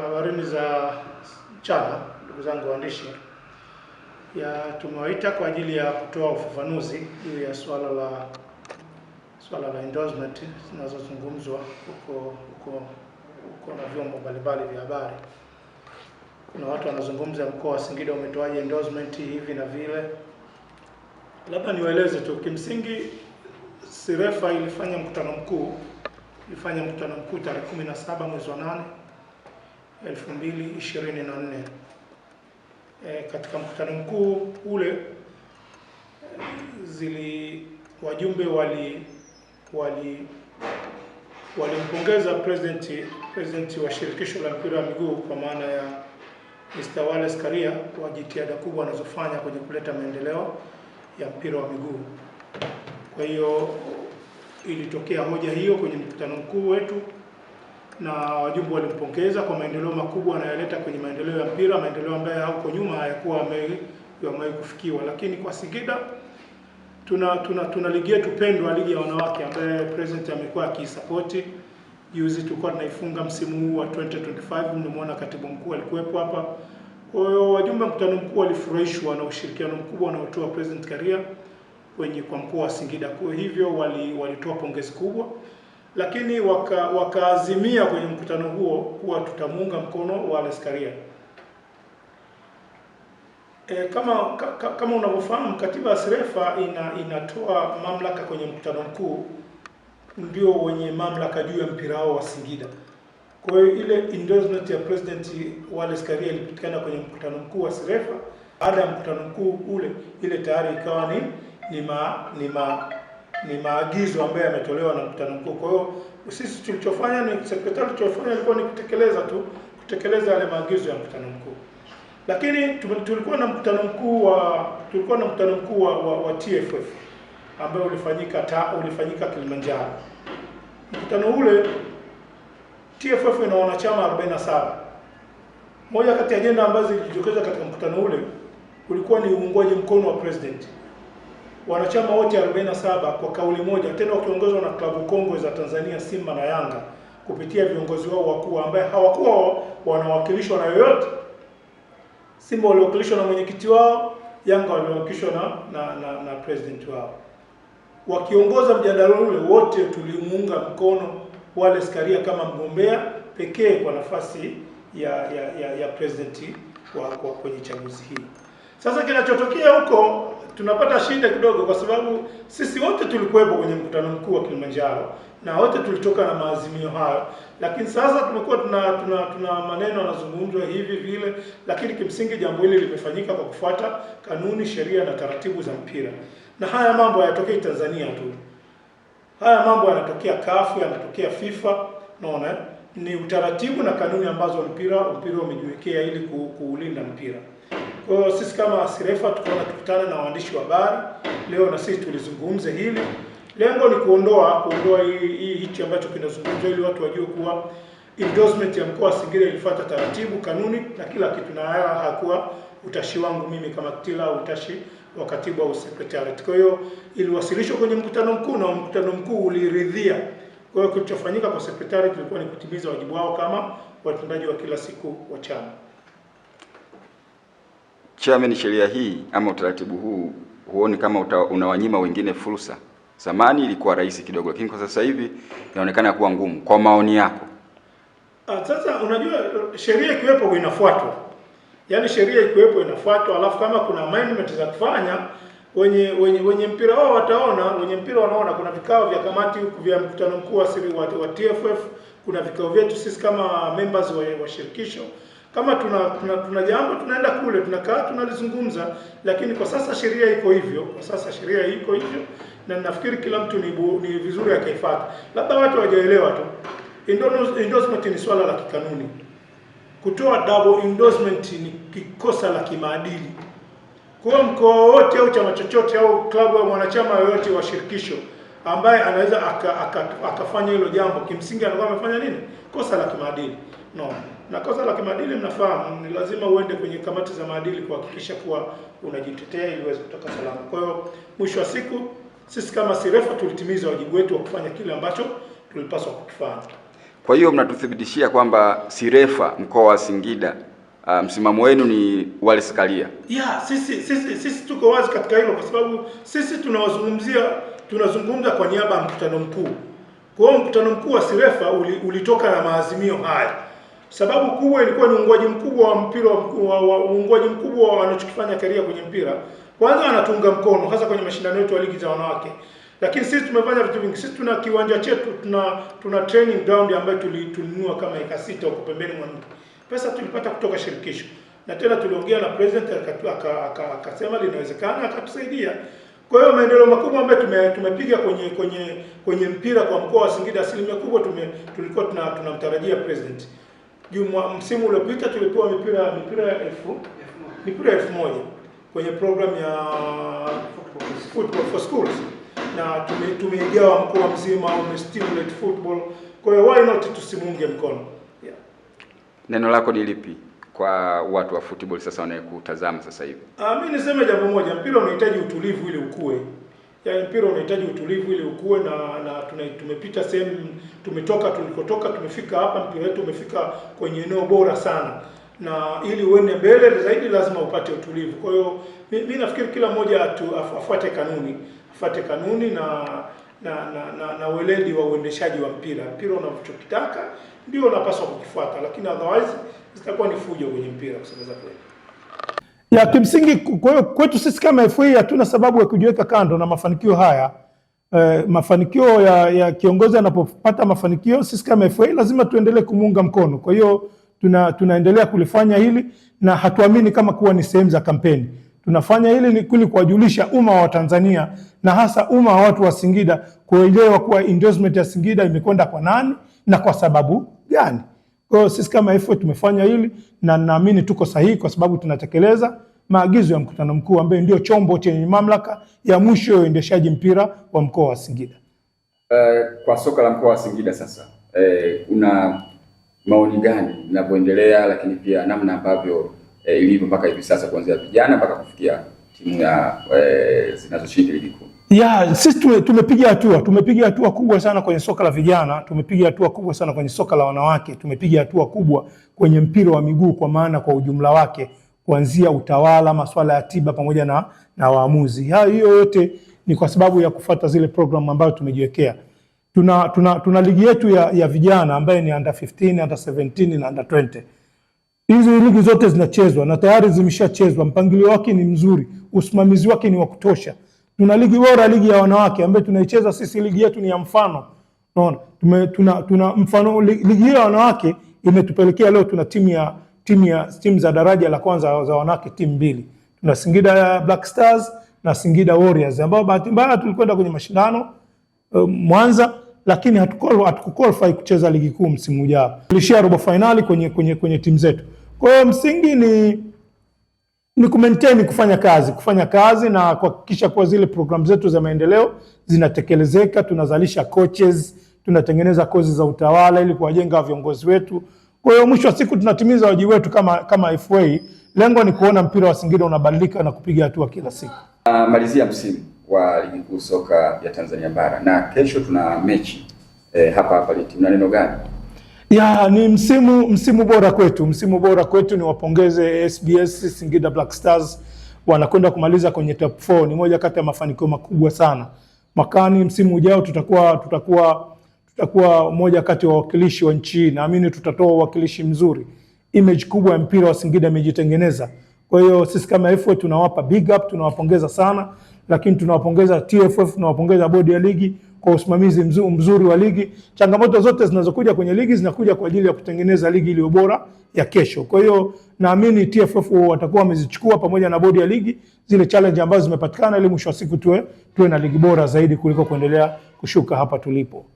habarini za mchana, ndugu zangu waandishi, ya tumewaita kwa ajili ya kutoa ufafanuzi juu ya swala la swala la endorsement zinazozungumzwa huko huko huko na vyombo mbalimbali vya habari. Kuna watu wanazungumza mkoa wa Singida umetoaje endorsement hivi na vile. Labda niwaeleze tu, kimsingi Sirefa ilifanya mkutano mkuu ilifanya mkutano mkuu tarehe 17 mwezi wa 8 2024. E, katika mkutano mkuu ule zili wajumbe wali wali walimpongeza president president wa shirikisho la mpira wa miguu kwa maana ya Mr. Wallace Karia kwa jitihada kubwa anazofanya kwenye kuleta maendeleo ya mpira wa miguu. Kwa hiyo ilitokea hoja hiyo kwenye mkutano mkuu wetu na wajibu walimpongeza kwa maendeleo makubwa anayoleta kwenye maendeleo ya mpira, maendeleo ambayo huko nyuma hayakuwa yamewahi kufikiwa. Lakini kwa Singida tuna tuna, tuna ligi yetu pendwa, ligi ya wanawake ambaye president amekuwa akiisapoti. Juzi tulikuwa tunaifunga msimu huu wa 2025, mmemwona katibu mkuu alikuwepo hapa. Kwa hiyo wajumbe wa mkutano mkuu walifurahishwa na ushirikiano mkubwa wanaotoa president Karia kwenye kwa mkoa wa Singida. Kwa hivyo walitoa wali pongezi kubwa lakini waka, wakaazimia kwenye mkutano huo kuwa tutamuunga mkono Waleskaria. E, eh, kama ka, kama unavyofahamu katiba ya SEREFA ina, inatoa mamlaka kwenye mkutano mkuu, ndio wenye mamlaka juu ya mpira wao wa Singida. Kwa hiyo ile endorsement ya President Waleskaria ilipatikana kwenye mkutano mkuu wa SEREFA. Baada ya mkutano mkuu ule, ile tayari ikawa ni ni ma, ni ma ni maagizo ambayo yametolewa na mkutano mkuu. Kwa hiyo sisi tulichofanya ni sekretari, tulichofanya ilikuwa ni kutekeleza tu, kutekeleza yale maagizo ya mkutano mkuu. Lakini tulikuwa na mkutano mkuu wa tulikuwa na mkutano mkuu wa, wa, wa TFF ambayo ulifanyika ta, ulifanyika Kilimanjaro. Mkutano ule TFF ina wanachama 47. Moja kati ya ajenda ambazo zilijitokeza katika mkutano ule ulikuwa ni uungwaji mkono wa president wanachama wote 47 kwa kauli moja, tena wakiongozwa na klabu kongwe za Tanzania Simba na Yanga kupitia viongozi wao wakuu ambaye hawakuwa wanawakilishwa na yoyote. Simba waliwakilishwa na mwenyekiti wao, Yanga waliwakilishwa na, na, na, na president wao. Wakiongoza mjadala ule wote tulimuunga mkono wale skaria kama mgombea pekee kwa nafasi ya ya, ya, ya presidenti kwa, kwa kwenye chaguzi hii. Sasa kinachotokea huko tunapata shida kidogo, kwa sababu sisi wote tulikuwepo kwenye mkutano mkuu wa Kilimanjaro na wote tulitoka na maazimio hayo, lakini sasa tumekuwa tuna, tuna, tuna maneno yanazungumzwa hivi vile, lakini kimsingi jambo hili limefanyika kwa kufuata kanuni, sheria na taratibu za mpira, na haya mambo hayatokei Tanzania tu, haya mambo yanatokea kafu yanatokea FIFA, naona ni utaratibu na kanuni ambazo mpira mpira umejiwekea ili kuulinda mpira. Kwa hiyo sisi kama Sirefa tukaona tukutane na waandishi wa habari leo na sisi tulizungumze hili. Lengo ni kuondoa kuondoa hii hichi ambacho kinazungumzwa ili watu wajue kuwa endorsement ya mkoa wa Singida ilifuata taratibu, kanuni na kila kitu, na haya hakuwa utashi wangu mimi kama Kitila, utashi wa katibu au secretariat. Kwa hiyo iliwasilishwa kwenye mkutano mkuu na mkutano mkuu uliridhia. Kwa hiyo kilichofanyika kwa secretariat kilikuwa ni kutimiza wajibu wao kama watendaji wa kila siku wa chama chairman, sheria hii ama utaratibu huu huoni kama uta, unawanyima wengine fursa? Zamani ilikuwa rahisi kidogo, lakini kwa sasa hivi inaonekana kuwa ngumu. Kwa maoni yako? Ah, sasa unajua sheria ikiwepo inafuatwa, yaani sheria ikiwepo inafuatwa, alafu kama kuna amendment za kufanya wenye wenye wenye mpira wao wataona, wenye mpira wanaona. Kuna vikao vya kamati huku vya mkutano mkuu wa siri wa TFF, kuna vikao vyetu sisi kama members wa, wa shirikisho kama tuna, tuna, tuna jambo tunaenda kule tunakaa tunalizungumza, lakini kwa sasa sheria iko hivyo, kwa sasa sheria iko hivyo, na nafikiri kila mtu ni, bu, ni vizuri akaifuata. Labda watu hawajaelewa tu, endorsement ni swala la kikanuni. Kutoa double endorsement ni kikosa la kimaadili. Kwa mkoa wote au chama chochote au klabu au mwanachama yoyote wa shirikisho ambaye anaweza akafanya hilo jambo, kimsingi anakuwa amefanya nini? Kosa la kimaadili. No, na kosa la kimaadili mnafahamu, ni lazima uende kwenye kamati za maadili kuhakikisha kuwa unajitetea ili uweze kutoka salama. Kwa hiyo mwisho wa siku sisi kama Sirefa tulitimiza wajibu wetu wa kufanya kile ambacho tulipaswa kukifanya. Kwa hiyo mnatuthibitishia kwamba Sirefa mkoa wa Singida Uh, msimamo wenu ni waleskalia. Yeah, sisi sisi sisi tuko wazi katika hilo kwa sababu sisi tunawazungumzia tunazungumza kwa niaba ya mkutano mkuu. Kwa hiyo mkutano mkuu wa Sirefa ulitoka na maazimio haya. Sababu kubwa ilikuwa ni uungwaji mkubwa wa mpira wa uungwaji mkubwa wa wanachokifanya Karia kwenye mpira. Kwanza wanatunga mkono hasa kwenye mashindano yetu ya ligi za wanawake. Lakini sisi tumefanya vitu vingi. Sisi tuna kiwanja chetu, tuna tuna training ground ambayo tulinunua kama eka sita huko pembeni mwa mji. Pesa tulipata kutoka shirikisho. Na tena tuliongea na president akasema linawezekana akatusaidia. Kwa hiyo maendeleo makubwa ambayo tume, tumepiga kwenye kwenye kwenye mpira kwa mkoa wa Singida, asilimia kubwa tume, tulikuwa tuna, tunamtarajia president. Juma msimu uliopita tulipewa mipira mipira elfu mipira elfu moja kwenye program ya football for schools na tumeigawa tume mkoa mzima, stimulate football. Kwa hiyo why not tusimunge mkono yeah. Neno lako ni lipi? kwa watu wa football sasa wanayekutazama sasa hivi? Ah, mimi niseme jambo moja, mpira unahitaji utulivu ili ukue. Yaani mpira unahitaji utulivu ili ukue na na tuna, tumepita sehemu tumetoka tulikotoka tumefika hapa mpira wetu umefika kwenye eneo bora sana. Na ili uende mbele zaidi lazima upate utulivu. Kwa hiyo mimi nafikiri kila mmoja afuate kanuni, afuate kanuni na na na, na, na weledi wa uendeshaji wa mpira. Mpira unachokitaka ndio unapaswa kukifuata, lakini otherwise zitakuwa ni fujo kwenye mpira kusemeza kweli. Ya kimsingi kwetu sisi kama FA hatuna sababu ya kujiweka kando na mafanikio haya. Eh, mafanikio ya, ya kiongozi anapopata mafanikio, sisi kama FA lazima tuendelee kumuunga mkono. Kwa hiyo tuna, tunaendelea kulifanya hili na hatuamini kama kuwa ni sehemu za kampeni. Tunafanya hili ni kuli kuwajulisha umma wa Tanzania na hasa umma wa watu wa Singida kuelewa kuwa endorsement ya Singida imekwenda kwa nani na kwa sababu gani. Kwa hiyo sisi kama FA tumefanya hili na naamini tuko sahihi kwa sababu tunatekeleza maagizo ya mkutano mkuu ambaye ndio chombo chenye mamlaka ya mwisho ya uendeshaji mpira wa mkoa wa Singida. Uh, kwa soka la mkoa wa Singida sasa kuna eh, una maoni gani linavyoendelea, lakini pia namna ambavyo eh, ilivyo mpaka hivi sasa kuanzia vijana mpaka kufikia timu ya eh, zinazoshiriki ligi kuu? ya sisi tume, tumepiga hatua tumepiga hatua kubwa sana kwenye soka la vijana, tumepiga hatua kubwa sana kwenye soka la wanawake, tumepiga hatua kubwa kwenye mpira wa miguu kwa maana kwa ujumla wake, kuanzia utawala, masuala ya tiba pamoja na, na waamuzi. Hiyo yote ni kwa sababu ya kufata zile program ambazo tumejiwekea. Tuna, tuna, tuna ligi yetu ya, ya vijana ambayo ni under 15, under 17 na under 20. Hizi ligi zote zinachezwa na tayari zimeshachezwa, mpangilio wake ni mzuri, usimamizi wake ni wa kutosha. Tuna ligi bora, ligi ya wanawake ambayo tunaicheza sisi, ligi yetu ni ya mfano. Unaona, tuna, tuna mfano ligi ya wanawake imetupelekea leo tuna timu ya timu ya timu za daraja la kwanza za wanawake timu mbili, tuna Singida Black Stars na Singida Warriors ambao bahati mbaya tulikwenda kwenye mashindano um, Mwanza lakini hatukukolfai kucheza ligi kuu msimu ujao. Tulishia robo finali kwenye kwenye kwenye timu zetu. Kwa hiyo msingi ni ni kumaintain kufanya kazi kufanya kazi na kuhakikisha kuwa zile programu zetu za maendeleo zinatekelezeka. Tunazalisha coaches, tunatengeneza kozi za utawala ili kuwajenga viongozi wetu. Kwa hiyo mwisho wa siku tunatimiza wajibu wetu kama, kama FA. Lengo ni kuona mpira wa Singida unabadilika na kupiga hatua kila siku. Uh, malizia msimu wa ligi kuu soka ya Tanzania bara na kesho tuna mechi eh, hapa hapa timu neno gani? Ya, ni msimu msimu bora kwetu, msimu bora kwetu. Niwapongeze SBS Singida Black Stars, wanakwenda kumaliza kwenye top 4. Ni moja kati ya mafanikio makubwa sana. Makani msimu ujao tutakuwa tutakuwa tutakuwa moja kati ya wawakilishi wa nchi hii, naamini tutatoa uwakilishi mzuri. Image kubwa ya mpira wa Singida imejitengeneza. Kwa hiyo sisi kama FA tunawapa big up, tunawapongeza sana, lakini tunawapongeza TFF, tunawapongeza bodi ya ligi kwa usimamizi mzuri wa ligi. Changamoto zote zinazokuja kwenye ligi zinakuja kwa ajili ya kutengeneza ligi iliyo bora ya kesho. Kwa hiyo naamini TFF watakuwa wamezichukua pamoja na bodi ya ligi zile challenge ambazo zimepatikana, ili mwisho wa siku tuwe tuwe na ligi bora zaidi kuliko kuendelea kushuka hapa tulipo.